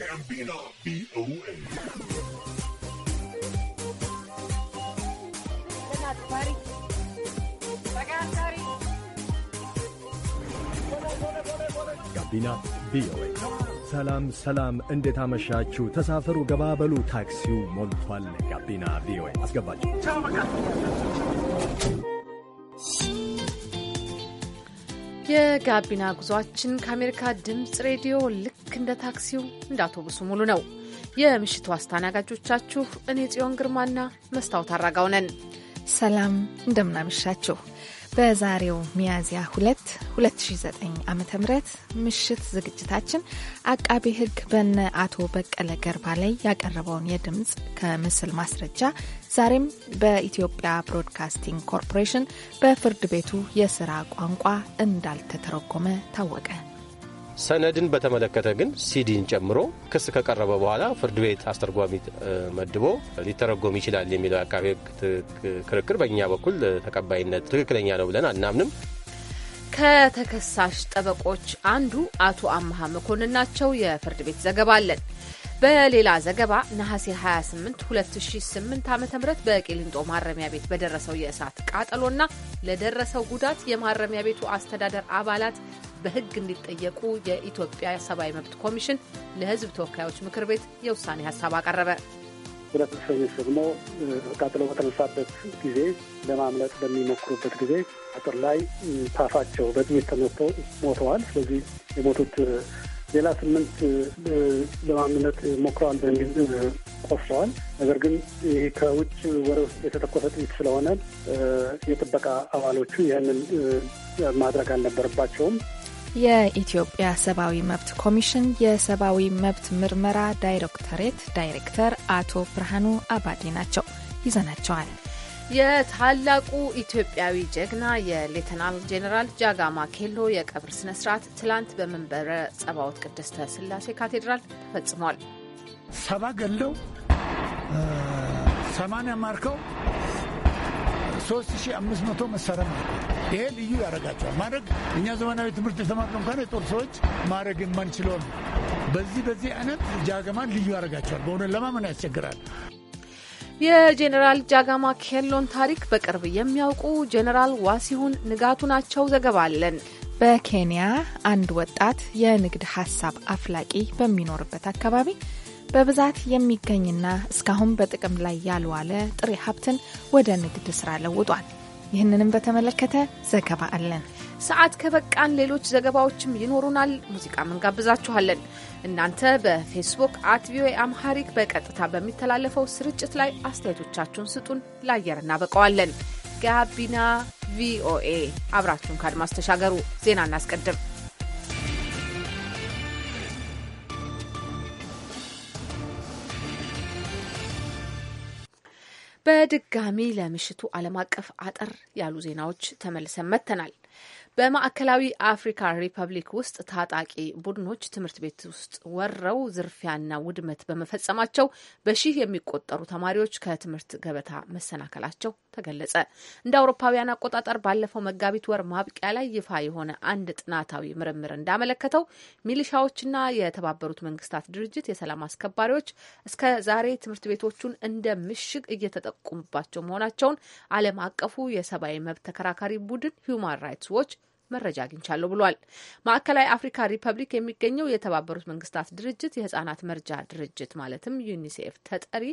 ጋቢና ቪኦኤ ጋቢና ቪኦኤ። ሰላም ሰላም፣ እንዴት አመሻችሁ? ተሳፈሩ፣ ገባበሉ፣ ታክሲው ሞልቷል። ጋቢና ቪኦኤ አስገባችሁ። የጋቢና ጉዟችን ከአሜሪካ ድምፅ ሬዲዮ ልክ ልክ እንደ ታክሲው እንደ አውቶቡሱ ሙሉ ነው። የምሽቱ አስተናጋጆቻችሁ እኔ ጽዮን ግርማና መስታወት አራጋው ነን። ሰላም እንደምናመሻችሁ። በዛሬው ሚያዝያ 2 2009 ዓ ም ምሽት ዝግጅታችን አቃቤ ሕግ በነ አቶ በቀለ ገርባ ላይ ያቀረበውን የድምፅ ከምስል ማስረጃ ዛሬም በኢትዮጵያ ብሮድካስቲንግ ኮርፖሬሽን በፍርድ ቤቱ የስራ ቋንቋ እንዳልተተረጎመ ታወቀ። ሰነድን በተመለከተ ግን ሲዲን ጨምሮ ክስ ከቀረበ በኋላ ፍርድ ቤት አስተርጓሚ መድቦ ሊተረጎም ይችላል የሚለው የአቃቤ ሕግ ክርክር በእኛ በኩል ተቀባይነት ትክክለኛ ነው ብለን አናምንም። ከተከሳሽ ጠበቆች አንዱ አቶ አመሃ መኮንን ናቸው። የፍርድ ቤት ዘገባ አለን። በሌላ ዘገባ ነሐሴ 28 2008 ዓ ም በቂሊንጦ ማረሚያ ቤት በደረሰው የእሳት ቃጠሎና ለደረሰው ጉዳት የማረሚያ ቤቱ አስተዳደር አባላት በሕግ እንዲጠየቁ የኢትዮጵያ ሰብአዊ መብት ኮሚሽን ለሕዝብ ተወካዮች ምክር ቤት የውሳኔ ሀሳብ አቀረበ። ሁለት እስረኞች ደግሞ ቃጥሎ በተነሳበት ጊዜ ለማምለጥ በሚሞክሩበት ጊዜ አጥር ላይ ታፋቸው በጥይት ተመቶ ሞተዋል። ስለዚህ የሞቱት ሌላ ስምንት ለማምለጥ ሞክረዋል በሚል ቆስለዋል። ነገር ግን ይህ ከውጭ ወደ ውስጥ የተተኮሰ ጥይት ስለሆነ የጥበቃ አባሎቹ ይህንን ማድረግ አልነበረባቸውም። የኢትዮጵያ ሰብአዊ መብት ኮሚሽን የሰብአዊ መብት ምርመራ ዳይሬክተሬት ዳይሬክተር አቶ ብርሃኑ አባዴ ናቸው። ይዘናቸዋል። የታላቁ ኢትዮጵያዊ ጀግና የሌተናል ጄኔራል ጃጋማ ኬሎ የቀብር ስነ ስርዓት ትላንት በመንበረ ጸባዖት ቅድስተ ስላሴ ካቴድራል ተፈጽሟል። ሰባ ገለው ሰማንያ ማርከው መቶ መሳሪያ ማርከው ይሄ ልዩ ያደርጋቸዋል። ማድረግ እኛ ዘመናዊ ትምህርት የተማርነው እንኳን የጦር ሰዎች ማድረግ የማንችለው ነው። በዚህ በዚህ አይነት ጃገማን ልዩ ያደርጋቸዋል። በእውነት ለማመን ያስቸግራል። የጄኔራል ጃጋማ ኬሎን ታሪክ በቅርብ የሚያውቁ ጄኔራል ዋሲሁን ንጋቱ ናቸው። ዘገባ አለን። በኬንያ አንድ ወጣት የንግድ ሀሳብ አፍላቂ በሚኖርበት አካባቢ በብዛት የሚገኝና እስካሁን በጥቅም ላይ ያልዋለ ጥሬ ሀብትን ወደ ንግድ ስራ ለውጧል። ይህንንም በተመለከተ ዘገባ አለን። ሰዓት ከበቃን ሌሎች ዘገባዎችም ይኖሩናል። ሙዚቃም እንጋብዛችኋለን። እናንተ በፌስቡክ አት ቪኦኤ አምሃሪክ በቀጥታ በሚተላለፈው ስርጭት ላይ አስተያየቶቻችሁን ስጡን፣ ለአየር እናበቀዋለን። ጋቢና ቪኦኤ አብራችሁን ከአድማስ ተሻገሩ። ዜና እናስቀድም። በድጋሚ ለምሽቱ ዓለም አቀፍ አጠር ያሉ ዜናዎች ተመልሰን መጥተናል። በማዕከላዊ አፍሪካ ሪፐብሊክ ውስጥ ታጣቂ ቡድኖች ትምህርት ቤት ውስጥ ወረው ዝርፊያና ውድመት በመፈጸማቸው በሺህ የሚቆጠሩ ተማሪዎች ከትምህርት ገበታ መሰናከላቸው ተገለጸ። እንደ አውሮፓውያን አቆጣጠር ባለፈው መጋቢት ወር ማብቂያ ላይ ይፋ የሆነ አንድ ጥናታዊ ምርምር እንዳመለከተው ሚሊሻዎችና የተባበሩት መንግስታት ድርጅት የሰላም አስከባሪዎች እስከ ዛሬ ትምህርት ቤቶቹን እንደ ምሽግ እየተጠቀሙባቸው መሆናቸውን ዓለም አቀፉ የሰብአዊ መብት ተከራካሪ ቡድን ሂውማን ራይትስ ዎች መረጃ አግኝቻለሁ ብሏል። ማዕከላዊ አፍሪካ ሪፐብሊክ የሚገኘው የተባበሩት መንግስታት ድርጅት የህጻናት መርጃ ድርጅት ማለትም ዩኒሴፍ ተጠሪ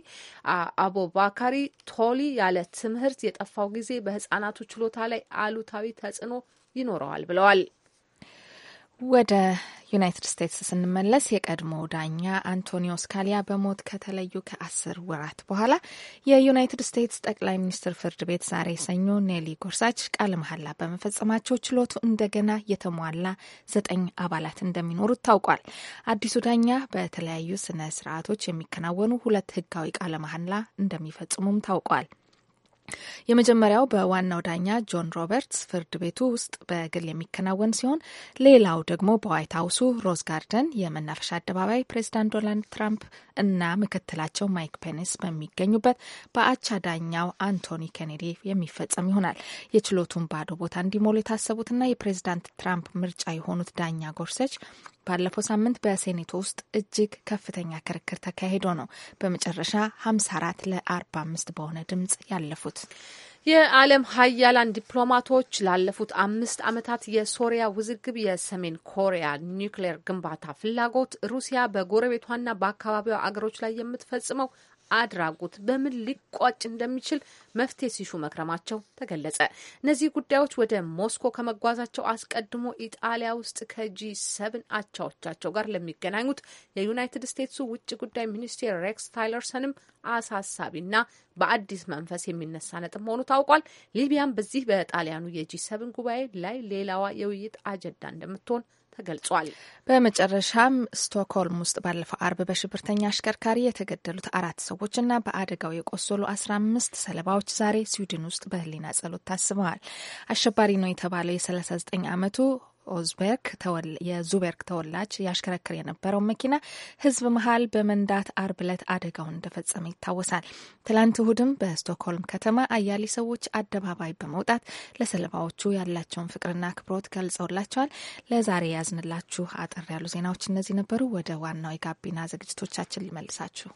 አቦባካሪ ቶሊ ያለ ትምህርት የጠፋው ጊዜ በህጻናቱ ችሎታ ላይ አሉታዊ ተጽዕኖ ይኖረዋል ብለዋል። ወደ ዩናይትድ ስቴትስ ስንመለስ የቀድሞ ዳኛ አንቶኒዮ ስካሊያ በሞት ከተለዩ ከአስር ወራት በኋላ የዩናይትድ ስቴትስ ጠቅላይ ሚኒስትር ፍርድ ቤት ዛሬ ሰኞ ኔሊ ጎርሳች ቃለ መሐላ በመፈጸማቸው ችሎቱ እንደገና የተሟላ ዘጠኝ አባላት እንደሚኖሩት ታውቋል። አዲሱ ዳኛ በተለያዩ ስነ ስርዓቶች የሚከናወኑ ሁለት ህጋዊ ቃለ መሐላ እንደሚፈጽሙም ታውቋል። የመጀመሪያው በዋናው ዳኛ ጆን ሮበርትስ ፍርድ ቤቱ ውስጥ በግል የሚከናወን ሲሆን ሌላው ደግሞ በዋይት ሀውሱ ሮዝ ጋርደን የመናፈሻ አደባባይ ፕሬዚዳንት ዶናልድ ትራምፕ እና ምክትላቸው ማይክ ፔንስ በሚገኙበት በአቻ ዳኛው አንቶኒ ኬኔዲ የሚፈጸም ይሆናል። የችሎቱን ባዶ ቦታ እንዲሞሉ የታሰቡትና የፕሬዚዳንት ትራምፕ ምርጫ የሆኑት ዳኛ ጎርሰች ባለፈው ሳምንት በሴኔቱ ውስጥ እጅግ ከፍተኛ ክርክር ተካሂዶ ነው በመጨረሻ 54 ለ45 በሆነ ድምጽ ያለፉት። የዓለም ሀያላን ዲፕሎማቶች ላለፉት አምስት ዓመታት የሶሪያ ውዝግብ፣ የሰሜን ኮሪያ ኒውክሌር ግንባታ ፍላጎት፣ ሩሲያ በጎረቤቷና በአካባቢዋ አገሮች ላይ የምትፈጽመው አድራጎት በምን ሊቋጭ እንደሚችል መፍትሄ ሲሹ መክረማቸው ተገለጸ። እነዚህ ጉዳዮች ወደ ሞስኮ ከመጓዛቸው አስቀድሞ ኢጣሊያ ውስጥ ከጂ ሰብን አቻዎቻቸው ጋር ለሚገናኙት የዩናይትድ ስቴትሱ ውጭ ጉዳይ ሚኒስቴር ሬክስ ታይለርሰንም አሳሳቢና በአዲስ መንፈስ የሚነሳ ነጥብ መሆኑ ታውቋል። ሊቢያም በዚህ በጣሊያኑ የጂ ሰብን ጉባኤ ላይ ሌላዋ የውይይት አጀንዳ እንደምትሆን ተገልጿል። በመጨረሻም ስቶክሆልም ውስጥ ባለፈው አርብ በሽብርተኛ አሽከርካሪ የተገደሉት አራት ሰዎችና በአደጋው የቆሰሉ አስራ አምስት ሰለባዎች ዛሬ ስዊድን ውስጥ በህሊና ጸሎት ታስበዋል። አሸባሪ ነው የተባለው የ39 ዓመቱ ኦዝበርግ የዙበርግ ተወላጅ ያሽከረክር የነበረው መኪና ህዝብ መሀል በመንዳት አርብ ዕለት አደጋውን እንደፈጸመ ይታወሳል። ትላንት እሁድም በስቶክሆልም ከተማ አያሌ ሰዎች አደባባይ በመውጣት ለሰለባዎቹ ያላቸውን ፍቅርና አክብሮት ገልጸውላቸዋል። ለዛሬ ያዝንላችሁ አጠር ያሉ ዜናዎች እነዚህ ነበሩ። ወደ ዋናው የጋቢና ዝግጅቶቻችን ልመልሳችሁ።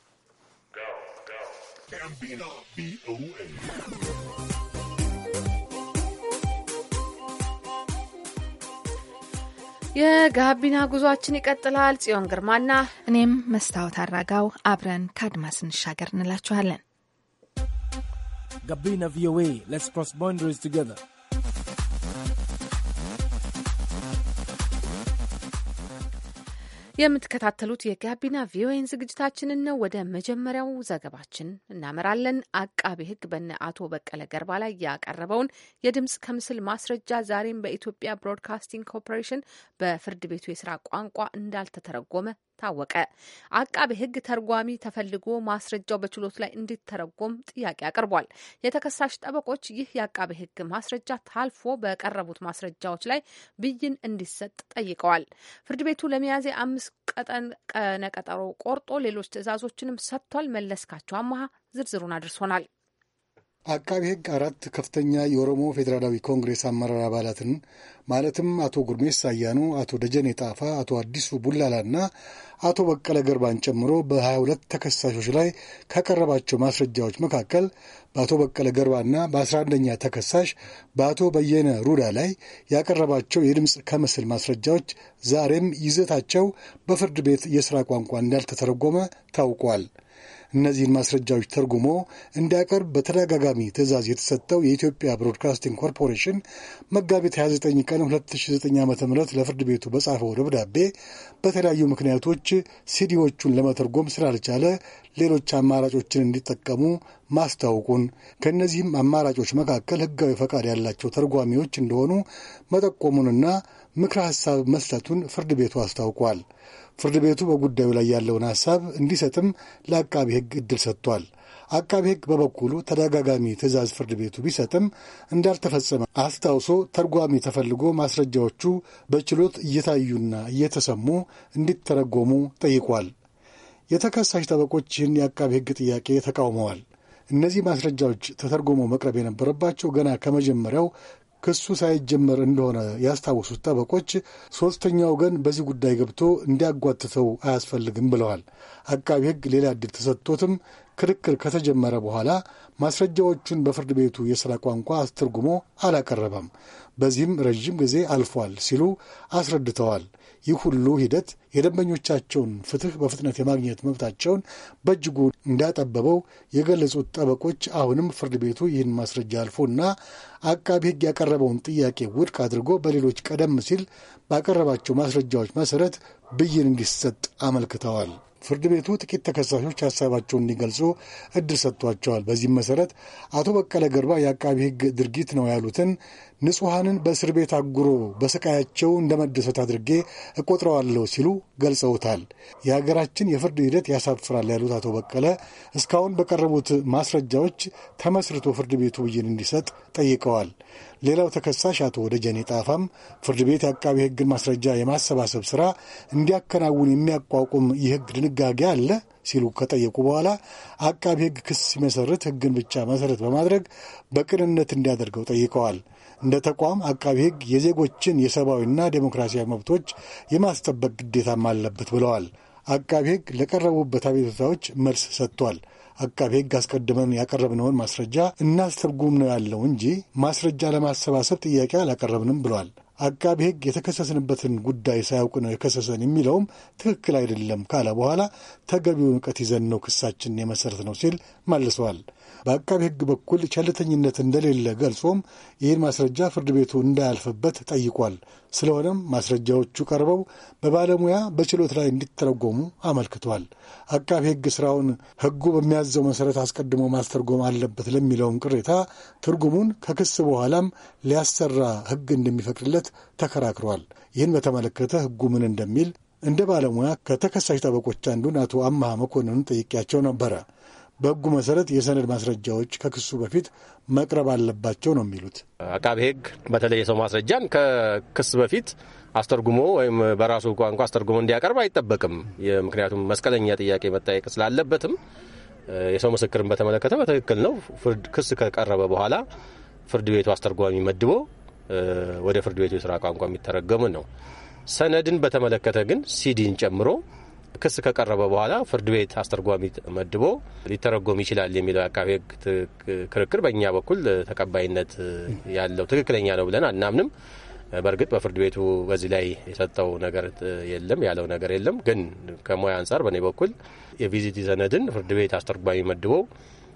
የጋቢና ጉዟችን ይቀጥላል። ጽዮን ግርማና እኔም መስታወት አራጋው አብረን ከአድማስ እንሻገር እንላችኋለን። ጋቢና ቪኦኤ ሌትስ ክሮስ ቦንደሪስ ቱጌዘር የምትከታተሉት የጋቢና ቪኦኤን ዝግጅታችንን ነው። ወደ መጀመሪያው ዘገባችን እናመራለን። አቃቤ ሕግ በነ አቶ በቀለ ገርባ ላይ ያቀረበውን የድምፅ ከምስል ማስረጃ ዛሬም በኢትዮጵያ ብሮድካስቲንግ ኮርፖሬሽን በፍርድ ቤቱ የስራ ቋንቋ እንዳልተተረጎመ ታወቀ። አቃቤ ሕግ ተርጓሚ ተፈልጎ ማስረጃው በችሎት ላይ እንዲተረጎም ጥያቄ አቅርቧል። የተከሳሽ ጠበቆች ይህ የአቃቤ ሕግ ማስረጃ ታልፎ በቀረቡት ማስረጃዎች ላይ ብይን እንዲሰጥ ጠይቀዋል። ፍርድ ቤቱ ለሚያዝያ አምስት ቀጠን ቀነ ቀጠሮ ቆርጦ ሌሎች ትዕዛዞችንም ሰጥቷል። መለስካቸው አማሃ ዝርዝሩን አድርሶናል። አቃቢ ሕግ አራት ከፍተኛ የኦሮሞ ፌዴራላዊ ኮንግሬስ አመራር አባላትን ማለትም አቶ ጉርሜሳ ሳያኑ፣ አቶ ደጀኔ ጣፋ፣ አቶ አዲሱ ቡላላና አቶ በቀለ ገርባን ጨምሮ በ22 ተከሳሾች ላይ ከቀረባቸው ማስረጃዎች መካከል በአቶ በቀለ ገርባና በ11ኛ ተከሳሽ በአቶ በየነ ሩዳ ላይ ያቀረባቸው የድምፅ ከምስል ማስረጃዎች ዛሬም ይዘታቸው በፍርድ ቤት የሥራ ቋንቋ እንዳልተተረጎመ ታውቋል። እነዚህን ማስረጃዎች ተርጉሞ እንዲያቀርብ በተደጋጋሚ ትዕዛዝ የተሰጠው የኢትዮጵያ ብሮድካስቲንግ ኮርፖሬሽን መጋቢት 29 ቀን 2009 ዓ ም ለፍርድ ቤቱ በጻፈው ደብዳቤ በተለያዩ ምክንያቶች ሲዲዎቹን ለመተርጎም ስላልቻለ ሌሎች አማራጮችን እንዲጠቀሙ ማስታወቁን ከእነዚህም አማራጮች መካከል ሕጋዊ ፈቃድ ያላቸው ተርጓሚዎች እንደሆኑ መጠቆሙንና ምክረ ሐሳብ መስጠቱን ፍርድ ቤቱ አስታውቋል። ፍርድ ቤቱ በጉዳዩ ላይ ያለውን ሐሳብ እንዲሰጥም ለአቃቢ ሕግ እድል ሰጥቷል። አቃቢ ሕግ በበኩሉ ተደጋጋሚ ትዕዛዝ ፍርድ ቤቱ ቢሰጥም እንዳልተፈጸመ አስታውሶ ተርጓሚ ተፈልጎ ማስረጃዎቹ በችሎት እየታዩና እየተሰሙ እንዲተረጎሙ ጠይቋል። የተከሳሽ ጠበቆች ይህን የአቃቢ ሕግ ጥያቄ ተቃውመዋል። እነዚህ ማስረጃዎች ተተርጎመው መቅረብ የነበረባቸው ገና ከመጀመሪያው ክሱ ሳይጀመር እንደሆነ ያስታወሱት ጠበቆች ሦስተኛ ወገን በዚህ ጉዳይ ገብቶ እንዲያጓትተው አያስፈልግም ብለዋል። አቃቢ ሕግ ሌላ ዕድል ተሰጥቶትም ክርክር ከተጀመረ በኋላ ማስረጃዎቹን በፍርድ ቤቱ የሥራ ቋንቋ አስተርጉሞ አላቀረበም። በዚህም ረዥም ጊዜ አልፏል ሲሉ አስረድተዋል። ይህ ሁሉ ሂደት የደንበኞቻቸውን ፍትህ በፍጥነት የማግኘት መብታቸውን በእጅጉ እንዳጠበበው የገለጹት ጠበቆች አሁንም ፍርድ ቤቱ ይህን ማስረጃ አልፎና አቃቢ ሕግ ያቀረበውን ጥያቄ ውድቅ አድርጎ በሌሎች ቀደም ሲል ባቀረባቸው ማስረጃዎች መሰረት ብይን እንዲሰጥ አመልክተዋል። ፍርድ ቤቱ ጥቂት ተከሳሾች ሀሳባቸውን እንዲገልጹ እድል ሰጥቷቸዋል። በዚህም መሰረት አቶ በቀለ ገርባ የአቃቢ ሕግ ድርጊት ነው ያሉትን ንጹሐንን በእስር ቤት አጉሮ በስቃያቸው እንደ መደሰት አድርጌ እቆጥረዋለሁ ሲሉ ገልጸውታል። የሀገራችን የፍርድ ሂደት ያሳፍራል ያሉት አቶ በቀለ እስካሁን በቀረቡት ማስረጃዎች ተመስርቶ ፍርድ ቤቱ ብይን እንዲሰጥ ጠይቀዋል። ሌላው ተከሳሽ አቶ ወደጀኔ ጣፋም ፍርድ ቤት የአቃቢ ሕግን ማስረጃ የማሰባሰብ ስራ እንዲያከናውን የሚያቋቁም የሕግ ድንጋጌ አለ ሲሉ ከጠየቁ በኋላ አቃቢ ሕግ ክስ ሲመሰርት ሕግን ብቻ መሰረት በማድረግ በቅንነት እንዲያደርገው ጠይቀዋል። እንደ ተቋም አቃቢ ሕግ የዜጎችን የሰብአዊና ዴሞክራሲያዊ መብቶች የማስጠበቅ ግዴታም አለበት ብለዋል። አቃቢ ሕግ ለቀረቡበት አቤቱታዎች መልስ ሰጥቷል። አቃቤ ሕግ አስቀድመን ያቀረብነውን ማስረጃ እናስተርጉም ነው ያለው እንጂ ማስረጃ ለማሰባሰብ ጥያቄ አላቀረብንም ብሏል። አቃቢ ሕግ የተከሰስንበትን ጉዳይ ሳያውቅ ነው የከሰሰን የሚለውም ትክክል አይደለም ካለ በኋላ ተገቢውን እውቀት ይዘን ነው ክሳችን የመሰረት ነው ሲል መልሰዋል። በአቃቢ ሕግ በኩል ቸልተኝነት እንደሌለ ገልጾም ይህን ማስረጃ ፍርድ ቤቱ እንዳያልፍበት ጠይቋል። ስለሆነም ማስረጃዎቹ ቀርበው በባለሙያ በችሎት ላይ እንዲተረጎሙ አመልክቷል። አቃቢ ሕግ ስራውን ሕጉ በሚያዘው መሰረት አስቀድሞ ማስተርጎም አለበት ለሚለውም ቅሬታ ትርጉሙን ከክስ በኋላም ሊያሰራ ሕግ እንደሚፈቅድለት ተከራክሯል። ይህን በተመለከተ ህጉ ምን እንደሚል እንደ ባለሙያ ከተከሳሽ ጠበቆች አንዱን አቶ አምሃ መኮንንን ጠይቄያቸው ነበረ። በህጉ መሰረት የሰነድ ማስረጃዎች ከክሱ በፊት መቅረብ አለባቸው ነው የሚሉት አቃቤ ህግ በተለይ የሰው ማስረጃን ከክስ በፊት አስተርጉሞ ወይም በራሱ ቋንቋ አስተርጉሞ እንዲያቀርብ አይጠበቅም። ምክንያቱም መስቀለኛ ጥያቄ መጠየቅ ስላለበትም የሰው ምስክርን በተመለከተ በትክክል ነው። ክስ ከቀረበ በኋላ ፍርድ ቤቱ አስተርጓሚ መድቦ ወደ ፍርድ ቤቱ የስራ ቋንቋ የሚተረገሙ ነው። ሰነድን በተመለከተ ግን ሲዲን ጨምሮ ክስ ከቀረበ በኋላ ፍርድ ቤት አስተርጓሚ መድቦ ሊተረጎም ይችላል የሚለው የአቃቤ ሕግ ክርክር በእኛ በኩል ተቀባይነት ያለው ትክክለኛ ነው ብለን አናምንም። በእርግጥ በፍርድ ቤቱ በዚህ ላይ የሰጠው ነገር የለም ያለው ነገር የለም። ግን ከሙያ አንጻር በእኔ በኩል የቪዚቲ ሰነድን ፍርድ ቤት አስተርጓሚ መድቦ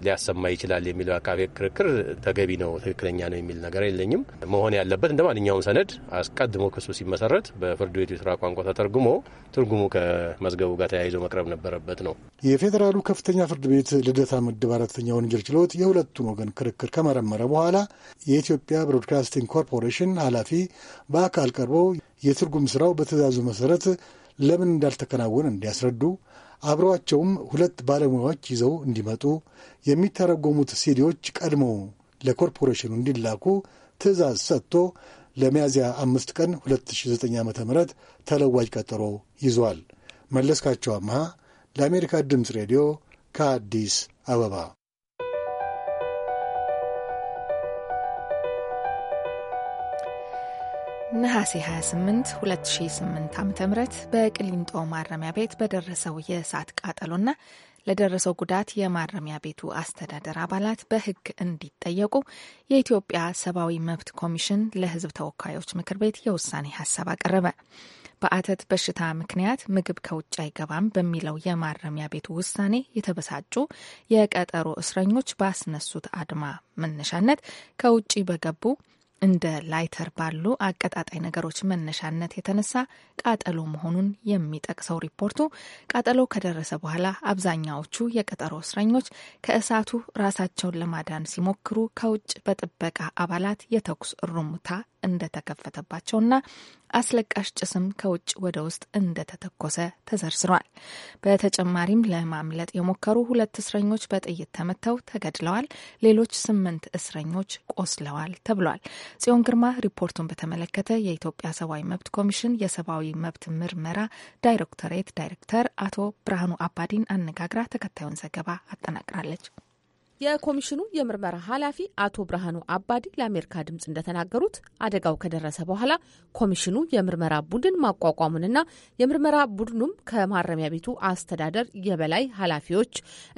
ሊያሰማ ይችላል የሚለው አካባቢ ክርክር ተገቢ ነው፣ ትክክለኛ ነው የሚል ነገር የለኝም። መሆን ያለበት እንደ ማንኛውም ሰነድ አስቀድሞ ክሱ ሲመሰረት በፍርድ ቤቱ የስራ ቋንቋ ተተርጉሞ ትርጉሙ ከመዝገቡ ጋር ተያይዞ መቅረብ ነበረበት ነው። የፌዴራሉ ከፍተኛ ፍርድ ቤት ልደታ ምድብ አራተኛ ወንጀል ችሎት የሁለቱን ወገን ክርክር ከመረመረ በኋላ የኢትዮጵያ ብሮድካስቲንግ ኮርፖሬሽን ኃላፊ በአካል ቀርበው የትርጉም ስራው በትእዛዙ መሰረት ለምን እንዳልተከናወነ እንዲያስረዱ አብረዋቸውም ሁለት ባለሙያዎች ይዘው እንዲመጡ የሚተረጎሙት ሲዲዎች ቀድመው ለኮርፖሬሽኑ እንዲላኩ ትዕዛዝ ሰጥቶ ለሚያዝያ አምስት ቀን 2009 ዓ ም ተለዋጅ ቀጠሮ ይዟል። መለስካቸው አምሃ ለአሜሪካ ድምፅ ሬዲዮ ከአዲስ አበባ ነሐሴ 28 2008 ዓ ም በቅሊንጦ ማረሚያ ቤት በደረሰው የእሳት ቃጠሎና ለደረሰው ጉዳት የማረሚያ ቤቱ አስተዳደር አባላት በሕግ እንዲጠየቁ የኢትዮጵያ ሰብአዊ መብት ኮሚሽን ለሕዝብ ተወካዮች ምክር ቤት የውሳኔ ሀሳብ አቀረበ። በአተት በሽታ ምክንያት ምግብ ከውጭ አይገባም በሚለው የማረሚያ ቤቱ ውሳኔ የተበሳጩ የቀጠሮ እስረኞች ባስነሱት አድማ መነሻነት ከውጭ በገቡ እንደ ላይተር ባሉ አቀጣጣይ ነገሮች መነሻነት የተነሳ ቃጠሎ መሆኑን የሚጠቅሰው ሪፖርቱ ቃጠሎ ከደረሰ በኋላ አብዛኛዎቹ የቀጠሮ እስረኞች ከእሳቱ ራሳቸውን ለማዳን ሲሞክሩ ከውጭ በጥበቃ አባላት የተኩስ ሩምታ እንደተከፈተባቸውና አስለቃሽ ጭስም ከውጭ ወደ ውስጥ እንደተተኮሰ ተዘርዝሯል። በተጨማሪም ለማምለጥ የሞከሩ ሁለት እስረኞች በጥይት ተመተው ተገድለዋል። ሌሎች ስምንት እስረኞች ቆስለዋል ተብሏል። ጽዮን ግርማ ሪፖርቱን በተመለከተ የኢትዮጵያ ሰብአዊ መብት ኮሚሽን የሰብአዊ መብት ምርመራ ዳይሬክቶሬት ዳይሬክተር አቶ ብርሃኑ አባዲን አነጋግራ ተከታዩን ዘገባ አጠናቅራለች። የኮሚሽኑ የምርመራ ኃላፊ አቶ ብርሃኑ አባዲ ለአሜሪካ ድምፅ እንደተናገሩት አደጋው ከደረሰ በኋላ ኮሚሽኑ የምርመራ ቡድን ማቋቋሙንና የምርመራ ቡድኑም ከማረሚያ ቤቱ አስተዳደር የበላይ ኃላፊዎች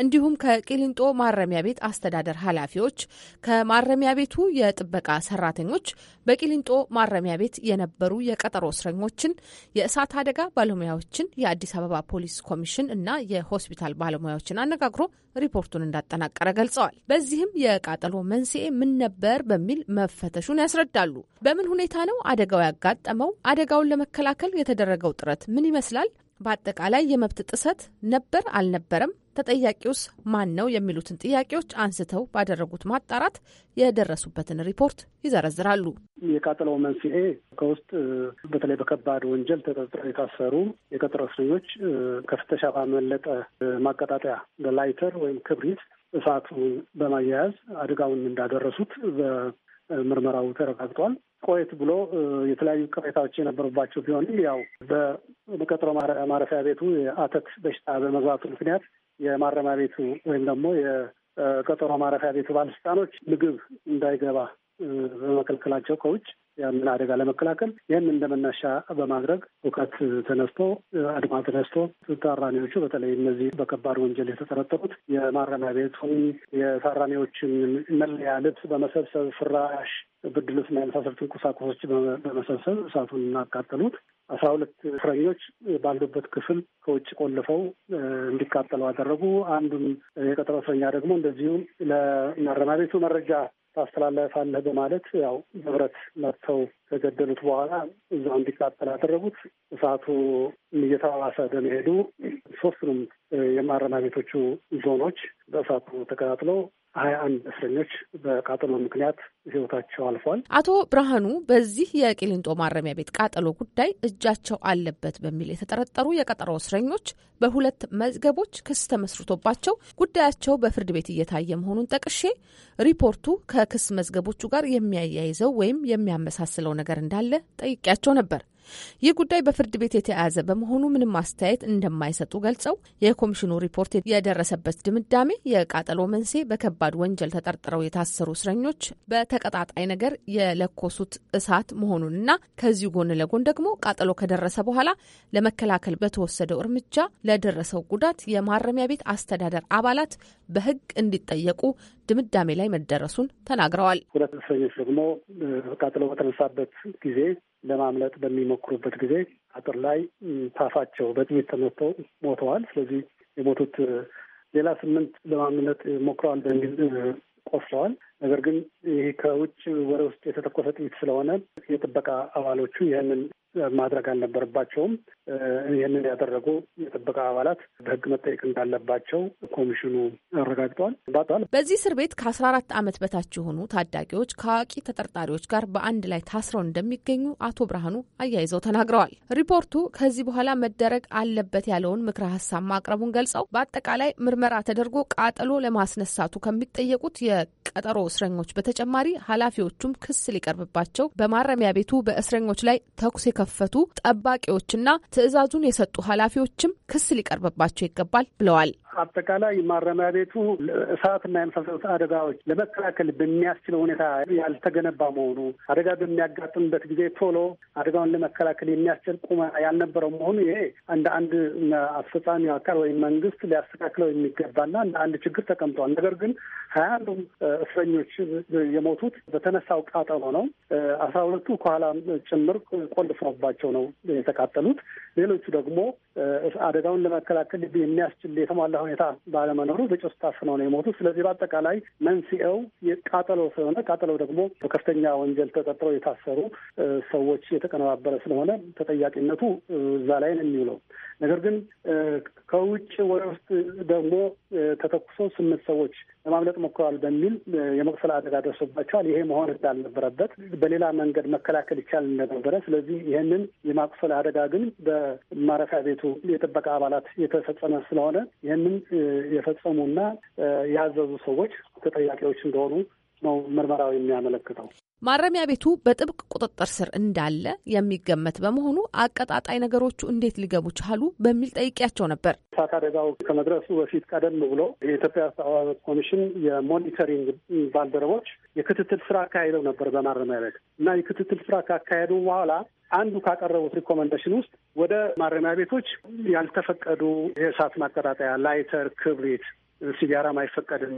እንዲሁም ከቂሊንጦ ማረሚያ ቤት አስተዳደር ኃላፊዎች፣ ከማረሚያ ቤቱ የጥበቃ ሰራተኞች፣ በቂሊንጦ ማረሚያ ቤት የነበሩ የቀጠሮ እስረኞችን፣ የእሳት አደጋ ባለሙያዎችን፣ የአዲስ አበባ ፖሊስ ኮሚሽን እና የሆስፒታል ባለሙያዎችን አነጋግሮ ሪፖርቱን እንዳጠናቀረ ገልጸዋል። ገልጸዋል። በዚህም የቃጠሎ መንስኤ ምን ነበር በሚል መፈተሹን ያስረዳሉ። በምን ሁኔታ ነው አደጋው ያጋጠመው? አደጋውን ለመከላከል የተደረገው ጥረት ምን ይመስላል? በአጠቃላይ የመብት ጥሰት ነበር አልነበረም? ተጠያቂውስ ማን ነው? የሚሉትን ጥያቄዎች አንስተው ባደረጉት ማጣራት የደረሱበትን ሪፖርት ይዘረዝራሉ። የቃጠለው መንስኤ ከውስጥ በተለይ በከባድ ወንጀል ተጠርጥረው የታሰሩ የቀጠሮ እስረኞች ከፍተሻ ባመለጠ ማቀጣጠያ ለላይተር ወይም ክብሪት እሳቱን በማያያዝ አደጋውን እንዳደረሱት በምርመራው ተረጋግጧል። ቆየት ብሎ የተለያዩ ቅሬታዎች የነበሩባቸው ቢሆንም ያው በቀጠሮ ማረፊያ ቤቱ የአተት በሽታ በመግባቱ ምክንያት የማረሚያ ቤቱ ወይም ደግሞ የቀጠሮ ማረፊያ ቤቱ ባለስልጣኖች ምግብ እንዳይገባ በመከልከላቸው ከውጭ ያንን አደጋ ለመከላከል ይህን እንደመነሻ በማድረግ እውቀት ተነስቶ አድማ ተነስቶ ታራሚዎቹ በተለይ እነዚህ በከባድ ወንጀል የተጠረጠሩት የማረሚያ ቤቱን የታራሚዎችን መለያ ልብስ በመሰብሰብ ፍራሽ፣ ብርድ ልብስና የመሳሰሉትን ቁሳቁሶች በመሰብሰብ እሳቱን አቃጠሉት። አስራ ሁለት እስረኞች ባሉበት ክፍል ከውጭ ቆልፈው እንዲቃጠሉ አደረጉ። አንዱም የቀጠሮ እስረኛ ደግሞ እንደዚሁ ለማረሚያ ቤቱ መረጃ ታስተላለፋለህ በማለት ያው ንብረት መጥተው ከገደሉት በኋላ እዛው እንዲቃጠል አደረጉት። እሳቱ እየተባባሰ በመሄዱ ሶስቱንም የማረሚያ ቤቶቹ ዞኖች በእሳቱ ተቀጣጥለው ሀያ አንድ እስረኞች በቃጠሎ ምክንያት ህይወታቸው አልፏል። አቶ ብርሃኑ በዚህ የቅሊንጦ ማረሚያ ቤት ቃጠሎ ጉዳይ እጃቸው አለበት በሚል የተጠረጠሩ የቀጠሮ እስረኞች በሁለት መዝገቦች ክስ ተመስርቶባቸው ጉዳያቸው በፍርድ ቤት እየታየ መሆኑን ጠቅሼ ሪፖርቱ ከክስ መዝገቦቹ ጋር የሚያያይዘው ወይም የሚያመሳስለው ነገር እንዳለ ጠይቄያቸው ነበር። ይህ ጉዳይ በፍርድ ቤት የተያያዘ በመሆኑ ምንም አስተያየት እንደማይሰጡ ገልጸው የኮሚሽኑ ሪፖርት የደረሰበት ድምዳሜ የቃጠሎ መንስኤ በከባድ ወንጀል ተጠርጥረው የታሰሩ እስረኞች በተቀጣጣይ ነገር የለኮሱት እሳት መሆኑንና ከዚሁ ጎን ለጎን ደግሞ ቃጠሎ ከደረሰ በኋላ ለመከላከል በተወሰደው እርምጃ ለደረሰው ጉዳት የማረሚያ ቤት አስተዳደር አባላት በሕግ እንዲጠየቁ ድምዳሜ ላይ መደረሱን ተናግረዋል። ሁለት እስረኞች ደግሞ ቃጠሎ በተነሳበት ጊዜ ለማምለጥ በሚሞክሩበት ጊዜ አጥር ላይ ታፋቸው በጥይት ተመተው ሞተዋል። ስለዚህ የሞቱት ሌላ ስምንት ለማምለጥ ሞክረዋል በሚል ቆስለዋል። ነገር ግን ይህ ከውጭ ወደ ውስጥ የተተኮሰ ጥይት ስለሆነ የጥበቃ አባሎቹ ይህንን ማድረግ አልነበረባቸውም። ይህንን ያደረጉ የጥበቃ አባላት በህግ መጠየቅ እንዳለባቸው ኮሚሽኑ አረጋግጠዋል። በዚህ እስር ቤት ከአስራ አራት ዓመት በታች የሆኑ ታዳጊዎች ከአዋቂ ተጠርጣሪዎች ጋር በአንድ ላይ ታስረው እንደሚገኙ አቶ ብርሃኑ አያይዘው ተናግረዋል። ሪፖርቱ ከዚህ በኋላ መደረግ አለበት ያለውን ምክረ ሀሳብ ማቅረቡን ገልጸው በአጠቃላይ ምርመራ ተደርጎ ቃጠሎ ለማስነሳቱ ከሚጠየቁት የቀጠሮ እስረኞች በተጨማሪ ኃላፊዎቹም ክስ ሊቀርብባቸው በማረሚያ ቤቱ በእስረኞች ላይ ተኩስ የከ የከፈቱ ጠባቂዎችና ትዕዛዙን የሰጡ ኃላፊዎችም ክስ ሊቀርብባቸው ይገባል ብለዋል። አጠቃላይ ማረሚያ ቤቱ እሳትና የመሳሰሉት አደጋዎች ለመከላከል በሚያስችለው ሁኔታ ያልተገነባ መሆኑ፣ አደጋ በሚያጋጥምበት ጊዜ ቶሎ አደጋውን ለመከላከል የሚያስችል ቁመና ያልነበረው መሆኑ ይሄ እንደ አንድ አስፈጻሚ አካል ወይም መንግስት ሊያስተካክለው የሚገባና እንደ አንድ ችግር ተቀምጧል። ነገር ግን ሀያ አንዱም እስረኞች የሞቱት በተነሳው ቃጠሎ ነው። አስራ ሁለቱ ከኋላ ጭምር ቆልፎባቸው ነው የተቃጠሉት። ሌሎቹ ደግሞ አደጋውን ለመከላከል የሚያስችል የተሟላ ሁኔታ ባለመኖሩ በጭስ ታፍነው ነው የሞቱ። ስለዚህ በአጠቃላይ መንስኤው ቃጠሎ ስለሆነ ቃጠሎ ደግሞ በከፍተኛ ወንጀል ተጠርጥረው የታሰሩ ሰዎች የተቀነባበረ ስለሆነ ተጠያቂነቱ እዛ ላይ ነው የሚውለው። ነገር ግን ከውጭ ወደ ውስጥ ደግሞ ተተኩሶ ስምንት ሰዎች ለማምለጥ ሞክረዋል በሚል የመቁሰል አደጋ ደርሶባቸዋል። ይሄ መሆን እንዳልነበረበት በሌላ መንገድ መከላከል ይቻል እንደነበረ፣ ስለዚህ ይህንን የማቁሰል አደጋ ግን በማረፊያ ቤቱ የጥበቃ አባላት የተፈጸመ ስለሆነ ይህንን የፈጸሙና ያዘዙ ሰዎች ተጠያቂዎች እንደሆኑ ነው ምርመራው የሚያመለክተው። ማረሚያ ቤቱ በጥብቅ ቁጥጥር ስር እንዳለ የሚገመት በመሆኑ አቀጣጣይ ነገሮቹ እንዴት ሊገቡ ቻሉ በሚል ጠይቄያቸው ነበር። እሳት አደጋው ከመድረሱ በፊት ቀደም ብሎ የኢትዮጵያ ሰብዓዊ መብት ኮሚሽን የሞኒተሪንግ ባልደረቦች የክትትል ስራ አካሄደው ነበር በማረሚያ ቤት እና የክትትል ስራ ካካሄዱ በኋላ አንዱ ካቀረቡት ሪኮመንዴሽን ውስጥ ወደ ማረሚያ ቤቶች ያልተፈቀዱ የእሳት ማቀጣጠያ፣ ላይተር፣ ክብሪት፣ ሲጋራም አይፈቀድም።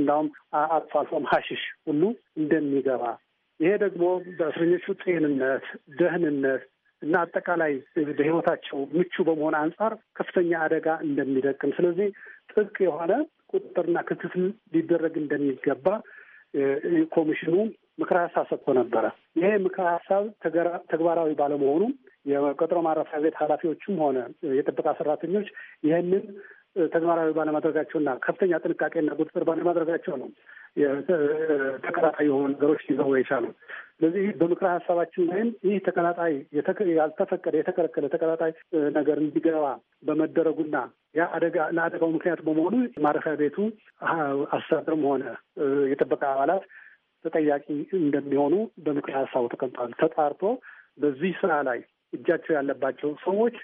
እንዳውም አልፎ አልፎም ሀሽሽ ሁሉ እንደሚገባ ይሄ ደግሞ በእስረኞቹ ጤንነት፣ ደህንነት እና አጠቃላይ በህይወታቸው ምቹ በመሆን አንጻር ከፍተኛ አደጋ እንደሚደቅም ስለዚህ ጥብቅ የሆነ ቁጥጥርና ክትትል ሊደረግ እንደሚገባ ኮሚሽኑ ምክረ ሀሳብ ሰጥቶ ነበረ። ይሄ ምክረ ሀሳብ ተግባራዊ ባለመሆኑ የቀጠሮ ማረፊያ ቤት ኃላፊዎችም ሆነ የጥበቃ ሰራተኞች ይህንን ተግባራዊ ባለማድረጋቸውና ከፍተኛ ጥንቃቄና ቁጥጥር ባለማድረጋቸው ነው ተቀናጣይ የሆኑ ነገሮች ሊገቡ የቻሉ ስለዚህ በምክረ ሀሳባችን ላይም ይህ ተቀናጣይ ያልተፈቀደ የተከለከለ ተቀናጣይ ነገር እንዲገባ በመደረጉና ለአደጋው ምክንያት በመሆኑ ማረፊያ ቤቱ አስተዳደርም ሆነ የጥበቃ አባላት ተጠያቂ እንደሚሆኑ በምክረ ሀሳቡ ተቀምጧል። ተጣርቶ በዚህ ስራ ላይ እጃቸው ያለባቸውን ሰዎች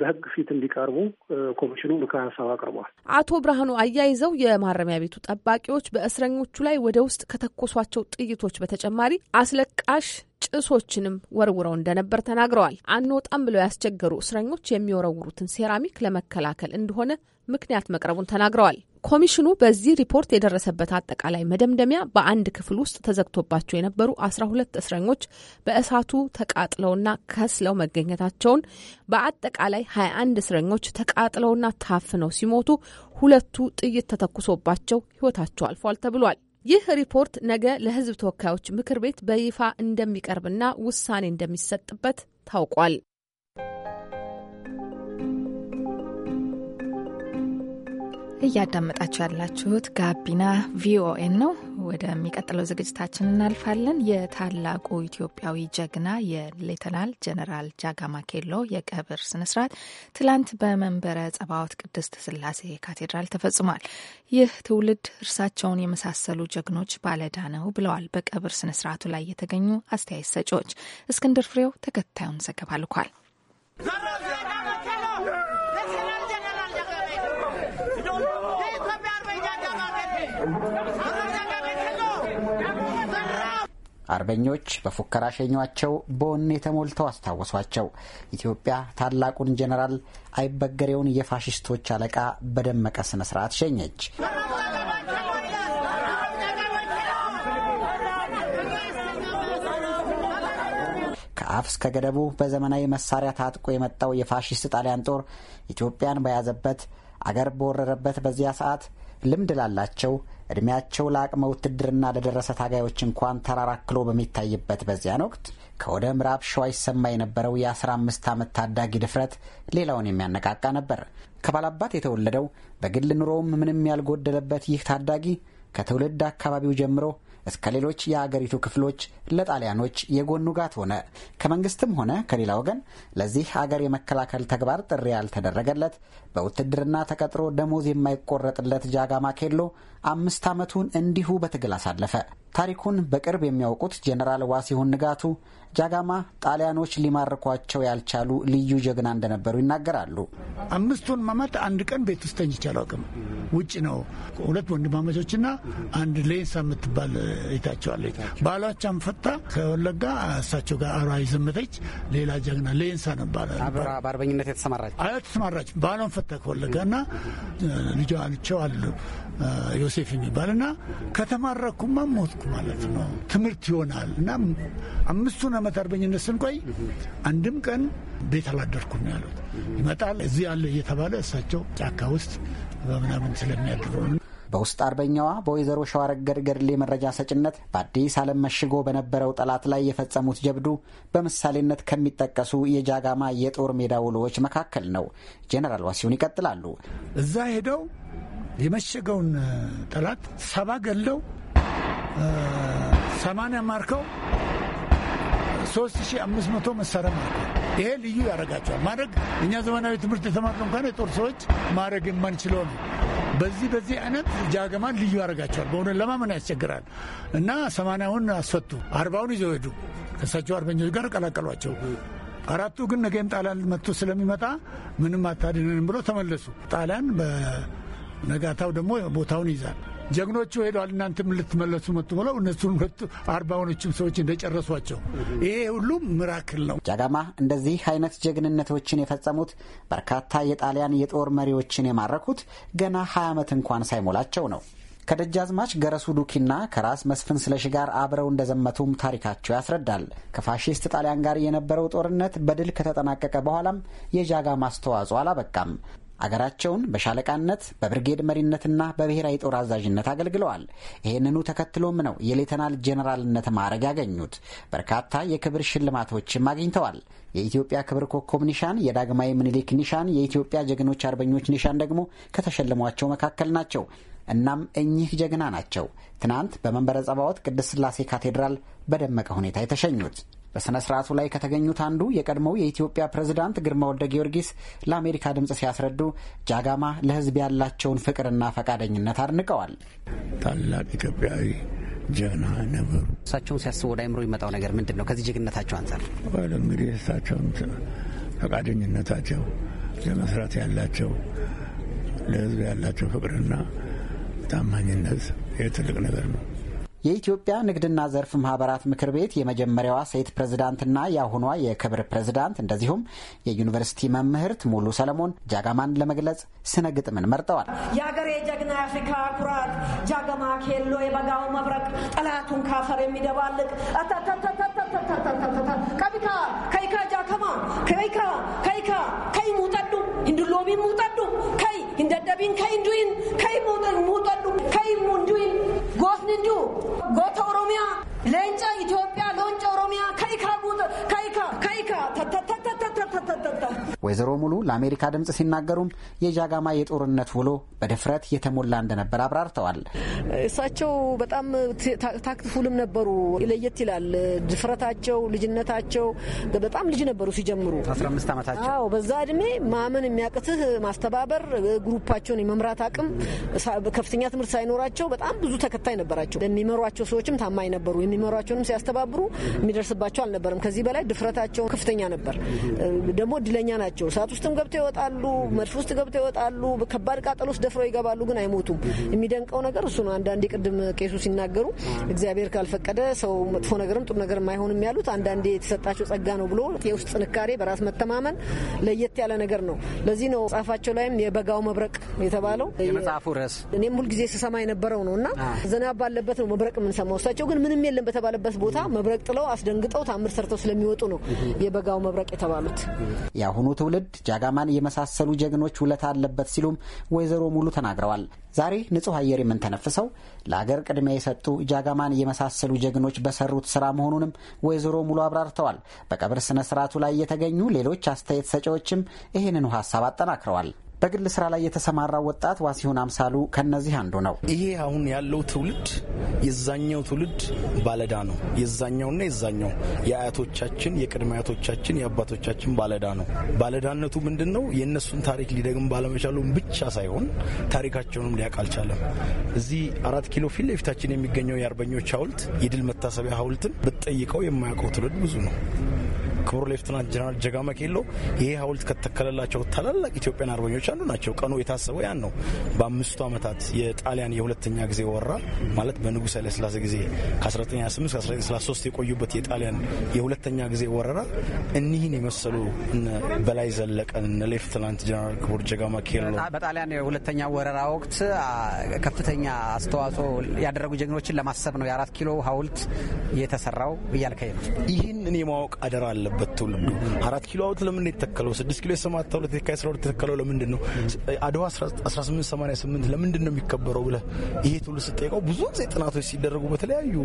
በህግ ፊት እንዲቀርቡ ኮሚሽኑ ምክረ ሀሳብ አቅርቧል። አቶ ብርሃኑ አያይዘው የማረሚያ ቤቱ ጠባቂዎች በእስረኞቹ ላይ ወደ ውስጥ ከተኮሷቸው ጥይቶች በተጨማሪ አስለቃሽ ጭሶችንም ወርውረው እንደነበር ተናግረዋል። አንወጣም ብለው ያስቸገሩ እስረኞች የሚወረውሩትን ሴራሚክ ለመከላከል እንደሆነ ምክንያት መቅረቡን ተናግረዋል። ኮሚሽኑ በዚህ ሪፖርት የደረሰበት አጠቃላይ መደምደሚያ በአንድ ክፍል ውስጥ ተዘግቶባቸው የነበሩ አስራ ሁለት እስረኞች በእሳቱ ተቃጥለውና ከስለው መገኘታቸውን፣ በአጠቃላይ ሀያ አንድ እስረኞች ተቃጥለውና ታፍነው ሲሞቱ ሁለቱ ጥይት ተተኩሶባቸው ህይወታቸው አልፏል ተብሏል። ይህ ሪፖርት ነገ ለህዝብ ተወካዮች ምክር ቤት በይፋ እንደሚቀርብና ውሳኔ እንደሚሰጥበት ታውቋል። እያዳመጣችሁ ያላችሁት ጋቢና ቪኦኤን ነው። ወደሚቀጥለው ዝግጅታችን እናልፋለን። የታላቁ ኢትዮጵያዊ ጀግና የሌተናል ጀነራል ጃጋማ ኬሎ የቀብር ስነስርዓት ትላንት በመንበረ ጸባዖት ቅድስት ስላሴ ካቴድራል ተፈጽሟል። ይህ ትውልድ እርሳቸውን የመሳሰሉ ጀግኖች ባለዳ ነው ብለዋል በቀብር ስነስርዓቱ ላይ የተገኙ አስተያየት ሰጪዎች። እስክንድር ፍሬው ተከታዩን ዘገባ ልኳል። አርበኞች በፉከራ ሸኟቸው፣ በወኔ ተሞልተው አስታወሷቸው። ኢትዮጵያ ታላቁን ጄኔራል አይበገሬውን የፋሽስቶች አለቃ በደመቀ ስነ ስርዓት ሸኘች። ከአፍ እስከ ገደቡ በዘመናዊ መሳሪያ ታጥቆ የመጣው የፋሽስት ጣሊያን ጦር ኢትዮጵያን በያዘበት አገር በወረረበት በዚያ ሰዓት ልምድ ላላቸው ዕድሜያቸው ለአቅመ ውትድርና ለደረሰ ታጋዮች እንኳን ተራራክሎ በሚታይበት በዚያን ወቅት ከወደ ምዕራብ ሸዋ ይሰማ የነበረው የ15 ዓመት ታዳጊ ድፍረት ሌላውን የሚያነቃቃ ነበር። ከባላባት የተወለደው በግል ኑሮውም ምንም ያልጎደለበት ይህ ታዳጊ ከትውልድ አካባቢው ጀምሮ እስከ ሌሎች የአገሪቱ ክፍሎች ለጣሊያኖች የጎን ውጋት ሆነ። ከመንግስትም ሆነ ከሌላ ወገን ለዚህ አገር የመከላከል ተግባር ጥሪ ያልተደረገለት በውትድርና ተቀጥሮ ደሞዝ የማይቆረጥለት ጃጋ ማኬሎ አምስት ዓመቱን እንዲሁ በትግል አሳለፈ። ታሪኩን በቅርብ የሚያውቁት ጄኔራል ዋሲሁን ንጋቱ ጃጋማ ጣሊያኖች ሊማርኳቸው ያልቻሉ ልዩ ጀግና እንደነበሩ ይናገራሉ። አምስቱን ማማት አንድ ቀን ቤት ውስጥ ተኝቼ አላውቅም። ውጭ ነው። ሁለት ወንድማማቾችና አንድ ሌንሳ የምትባል ይታቸዋለች። ባሏቻም ፈታ ከወለጋ እሳቸው ጋር አብራ የዘመተች ሌላ ጀግና ሌንሳ ነባለ በአርበኝነት የተሰማራች ተሰማራች። ባሏን ፈታ ከወለጋ ና እና አልቸው አሉ ዮሴፍ የሚባል ና ከተማረኩማ ሞትኩ ማለት ነው። ትምህርት ይሆናል እና አምስቱን ዓመት አርበኝነት ስንቆይ አንድም ቀን ቤት አላደርኩም ያሉት ይመጣል እዚህ አለ እየተባለ እሳቸው ጫካ ውስጥ በምናምን ስለሚያድሩ በውስጥ አርበኛዋ በወይዘሮ ሸዋረግ ገርገድሌ መረጃ ሰጭነት በአዲስ ዓለም መሽጎ በነበረው ጠላት ላይ የፈጸሙት ጀብዱ በምሳሌነት ከሚጠቀሱ የጃጋማ የጦር ሜዳ ውሎዎች መካከል ነው። ጄኔራል ዋሲሁን ይቀጥላሉ። እዛ ሄደው የመሸገውን ጠላት ሰባ ገለው ሰማንያ ማርከው 3500 መሳሪያ ማለት ነው። ይሄ ልዩ ያደርጋቸዋል። ማድረግ እኛ ዘመናዊ ትምህርት የተማርነው እንኳን የጦር ሰዎች ማድረግ የማንችለው ነው። በዚህ በዚህ አይነት ጃገማን ልዩ ያደርጋቸዋል። በእውነት ለማመን ያስቸግራል። እና ሰማንያውን አስፈቱ፣ አርባውን ይዘው ሄዱ። ከእሳቸው አርበኞች ጋር ቀላቀሏቸው። አራቱ ግን ነገም ጣሊያን መጥቶ ስለሚመጣ ምንም አታድነንም ብሎ ተመለሱ። ጣሊያን በነጋታው ደግሞ ቦታውን ይዛል። ጀግኖቹ ሄደዋል፣ እናንተም ልትመለሱ መጡ ብለው እነሱን ሁለቱ አርባውኖችም ሰዎች እንደጨረሷቸው ይሄ ሁሉም ምራክል ነው። ጃጋማ እንደዚህ አይነት ጀግንነቶችን የፈጸሙት በርካታ የጣሊያን የጦር መሪዎችን የማረኩት ገና 20 ዓመት እንኳን ሳይሞላቸው ነው። ከደጃዝማች ገረሱ ዱኪና ከራስ መስፍን ስለሺ ጋር አብረው እንደዘመቱም ታሪካቸው ያስረዳል። ከፋሺስት ጣሊያን ጋር የነበረው ጦርነት በድል ከተጠናቀቀ በኋላም የጃጋማ አስተዋጽኦ አላበቃም። አገራቸውን በሻለቃነት በብርጌድ መሪነትና በብሔራዊ ጦር አዛዥነት አገልግለዋል። ይህንኑ ተከትሎም ነው የሌተናል ጄኔራልነት ማዕረግ ያገኙት። በርካታ የክብር ሽልማቶችም አግኝተዋል። የኢትዮጵያ ክብር ኮከብ ኒሻን፣ የዳግማዊ ምኒልክ ኒሻን፣ የኢትዮጵያ ጀግኖች አርበኞች ኒሻን ደግሞ ከተሸልሟቸው መካከል ናቸው። እናም እኚህ ጀግና ናቸው ትናንት በመንበረ ጸባዖት ቅድስት ስላሴ ካቴድራል በደመቀ ሁኔታ የተሸኙት። በሥነ ሥርዓቱ ላይ ከተገኙት አንዱ የቀድሞው የኢትዮጵያ ፕሬዝዳንት ግርማ ወልደ ጊዮርጊስ ለአሜሪካ ድምፅ ሲያስረዱ ጃጋማ ለሕዝብ ያላቸውን ፍቅርና ፈቃደኝነት አድንቀዋል። ታላቅ ኢትዮጵያዊ ጀና ነበሩ። እሳቸውን ሲያስቡ ወደ አይምሮ የሚመጣው ነገር ምንድን ነው? ከዚህ ጀግንነታቸው አንጻር እንግዲህ እሳቸውን ፈቃደኝነታቸው ለመስራት ያላቸው ለሕዝብ ያላቸው ፍቅርና ታማኝነት የትልቅ ነገር ነው። የኢትዮጵያ ንግድና ዘርፍ ማህበራት ምክር ቤት የመጀመሪያዋ ሴት ፕሬዝዳንትና የአሁኗ የክብር ፕሬዝዳንት እንደዚሁም የዩኒቨርሲቲ መምህርት ሙሉ ሰለሞን ጃጋማን ለመግለጽ ስነ ግጥምን መርጠዋል። የአገሬ ጀግና የአፍሪካ ኩራት ጃገማ ኬሎ የበጋው መብረቅ ጠላቱን ካፈር የሚደባልቅ ቀቢካ ከይካ ጃከማ ከይካ ከይካ ከይ ሙጠዱ ሂንዱሎሚ ሙጠዱ ከይ ሂንደደቢን ከይ እንዱይን ወይዘሮ ሙሉ ለአሜሪካ ድምፅ ሲናገሩም የጃጋማ የጦርነት ውሎ በድፍረት የተሞላ እንደነበር አብራርተዋል። እሳቸው በጣም ታክትፉልም ነበሩ። ለየት ይላል ድፍረታቸው፣ ልጅነታቸው። በጣም ልጅ ነበሩ ሲጀምሩ አስራአምስት ዓመታቸው። አዎ በዛ እድሜ ማመን የሚያቅትህ ማስተባበር፣ ግሩፓቸውን የመምራት አቅም ከፍተኛ ትምህርት ሳይኖራቸው በጣም ብዙ ተከታይ ነበራቸው። ለሚመሯቸው ሰዎችም ታማኝ ነበሩ። የሚመሯቸውንም ሲያስተባብሩ የሚደርስባቸው አልነበረም። ከዚህ በላይ ድፍረታቸው ከፍተኛ ነበር። ደግሞ እድለኛ ናቸው። ናቸው። እሳት ውስጥም ገብተው ይወጣሉ፣ መድፍ ውስጥ ገብተው ይወጣሉ፣ ከባድ ቃጠሎ ውስጥ ደፍረው ይገባሉ፣ ግን አይሞቱም። የሚደንቀው ነገር እሱ ነው። አንዳንዴ ቅድም ቄሱ ሲናገሩ እግዚአብሔር ካልፈቀደ ሰው መጥፎ ነገርም ጥሩ ነገርም አይሆንም ያሉት አንዳንዴ የተሰጣቸው ጸጋ ነው ብሎ የውስጥ ጥንካሬ፣ በራስ መተማመን ለየት ያለ ነገር ነው። ለዚህ ነው ጻፋቸው ላይም የበጋው መብረቅ የተባለው የመጽሐፉ ርዕስ እኔም ሁልጊዜ ስሰማ የነበረው ነው እና ዝናብ ባለበት ነው መብረቅ የምንሰማው። እሳቸው ግን ምንም የለም በተባለበት ቦታ መብረቅ ጥለው አስደንግጠው ታምር ሰርተው ስለሚወጡ ነው የበጋው መብረቅ የተባሉት። የአሁኑ ትውልድ ጃጋማን የመሳሰሉ ጀግኖች ውለታ አለበት ሲሉም ወይዘሮ ሙሉ ተናግረዋል። ዛሬ ንጹህ አየር የምንተነፍሰው ለአገር ቅድሚያ የሰጡ ጃጋማን የመሳሰሉ ጀግኖች በሰሩት ስራ መሆኑንም ወይዘሮ ሙሉ አብራርተዋል። በቀብር ስነ ስርዓቱ ላይ የተገኙ ሌሎች አስተያየት ሰጪዎችም ይህንኑ ሀሳብ አጠናክረዋል። በግል ስራ ላይ የተሰማራው ወጣት ዋሲሁን አምሳሉ ከነዚህ አንዱ ነው። ይሄ አሁን ያለው ትውልድ የዛኛው ትውልድ ባለዳ ነው። የዛኛውና የዛኛው የአያቶቻችን፣ የቅድመ አያቶቻችን፣ የአባቶቻችን ባለዳ ነው። ባለዳነቱ ምንድን ነው? የእነሱን ታሪክ ሊደግም ባለመቻሉም ብቻ ሳይሆን ታሪካቸውንም ሊያውቅ አልቻለም። እዚህ አራት ኪሎ ፊት ለፊታችን የሚገኘው የአርበኞች ሐውልት የድል መታሰቢያ ሐውልትን ብትጠይቀው የማያውቀው ትውልድ ብዙ ነው። ክቡር ሌፍትናንት ጀነራል ጀጋ መኬሎ ይሄ ሀውልት ከተከለላቸው ታላላቅ ኢትዮጵያን አርበኞች አንዱ ናቸው። ቀኑ የታሰበው ያን ነው። በአምስቱ ዓመታት የጣሊያን የሁለተኛ ጊዜ ወረራ ማለት በንጉሥ ኃይለስላሴ ጊዜ ከ1928 እስከ 1933 የቆዩበት የጣሊያን የሁለተኛ ጊዜ ወረራ እኒህን የመሰሉ በላይ ዘለቀ ሌፍትናንት ጀነራል ክቡር ጀጋ መኬሎ በጣሊያን የሁለተኛ ወረራ ወቅት ከፍተኛ አስተዋጽኦ ያደረጉ ጀግኖችን ለማሰብ ነው የአራት ኪሎ ሀውልት የተሰራው እያልከኝ ነው። ይህን እኔ ማወቅ አደራ አለበት ያለበት ትውልም ነው። አራት ኪሎ አውት ለምን የተከለው? ስድስት ኪሎ የሰማት ሁለት የካቲት ስራ ሁለት የተተከለው ለምንድን ነው? አድዋ አስራ ስምንት ሰማንያ ስምንት ለምንድን ነው የሚከበረው ብለ ይሄ ትውልድ ስጠይቀው ብዙ ጊዜ ጥናቶች ሲደረጉ በተለያዩ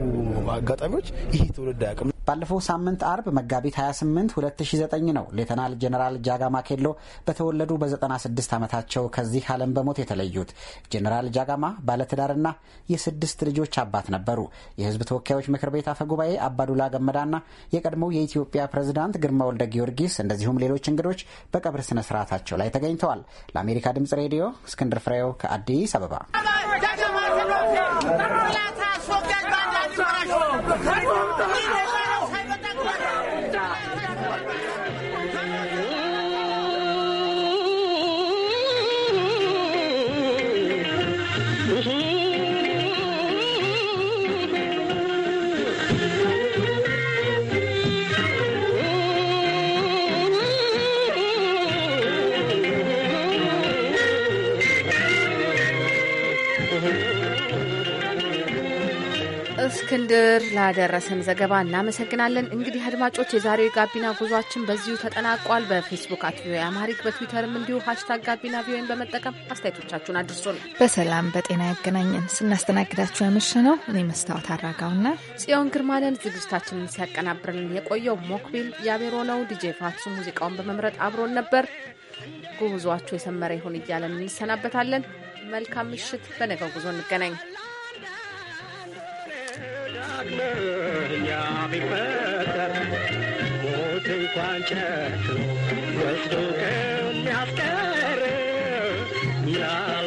አጋጣሚዎች ይሄ ትውልድ አያውቅም። ባለፈው ሳምንት አርብ መጋቢት 28 2009 ነው ሌተናል ጀኔራል ጃጋ ማኬሎ በተወለዱ በ96 ዓመታቸው ከዚህ ዓለም በሞት የተለዩት። ጀኔራል ጃጋማ ባለትዳርና የስድስት ልጆች አባት ነበሩ። የህዝብ ተወካዮች ምክር ቤት አፈ ጉባኤ አባዱላ ገመዳና የቀድሞው የኢትዮጵያ ፕሬዝዳንት ግርማ ወልደ ጊዮርጊስ እንደዚሁም ሌሎች እንግዶች በቀብር ስነ ስርዓታቸው ላይ ተገኝተዋል። ለአሜሪካ ድምጽ ሬዲዮ እስክንድር ፍሬው ከአዲስ አበባ እስክንድር ላደረሰን ዘገባ እናመሰግናለን። እንግዲህ አድማጮች የዛሬው የጋቢና ጉዟችን በዚሁ ተጠናቋል። በፌስቡክ አት ቪኦኤ አማሪክ በትዊተርም እንዲሁ ሀሽታግ ጋቢና ቪኦኤን በመጠቀም አስተያየቶቻችሁን አድርሶን በሰላም በጤና ያገናኘን። ስናስተናግዳችሁ ያመሸ ነው እኔ መስታወት አራጋውና ጽዮን ግርማለን። ዝግጅታችንን ሲያቀናብርልን የቆየው ሞክቢል ያቤሮ ነው። ዲጄ ፋትሱ ሙዚቃውን በመምረጥ አብሮን ነበር። ጉዟችሁ የሰመረ ይሁን እያለን እንሰናበታለን። መልካም ምሽት። በነገው ጉዞ እንገናኝ። ዳግመኛ ቢፈጠር ሞት እንኳን ጨክኖ ወስዶ ከሚያስቀር ያ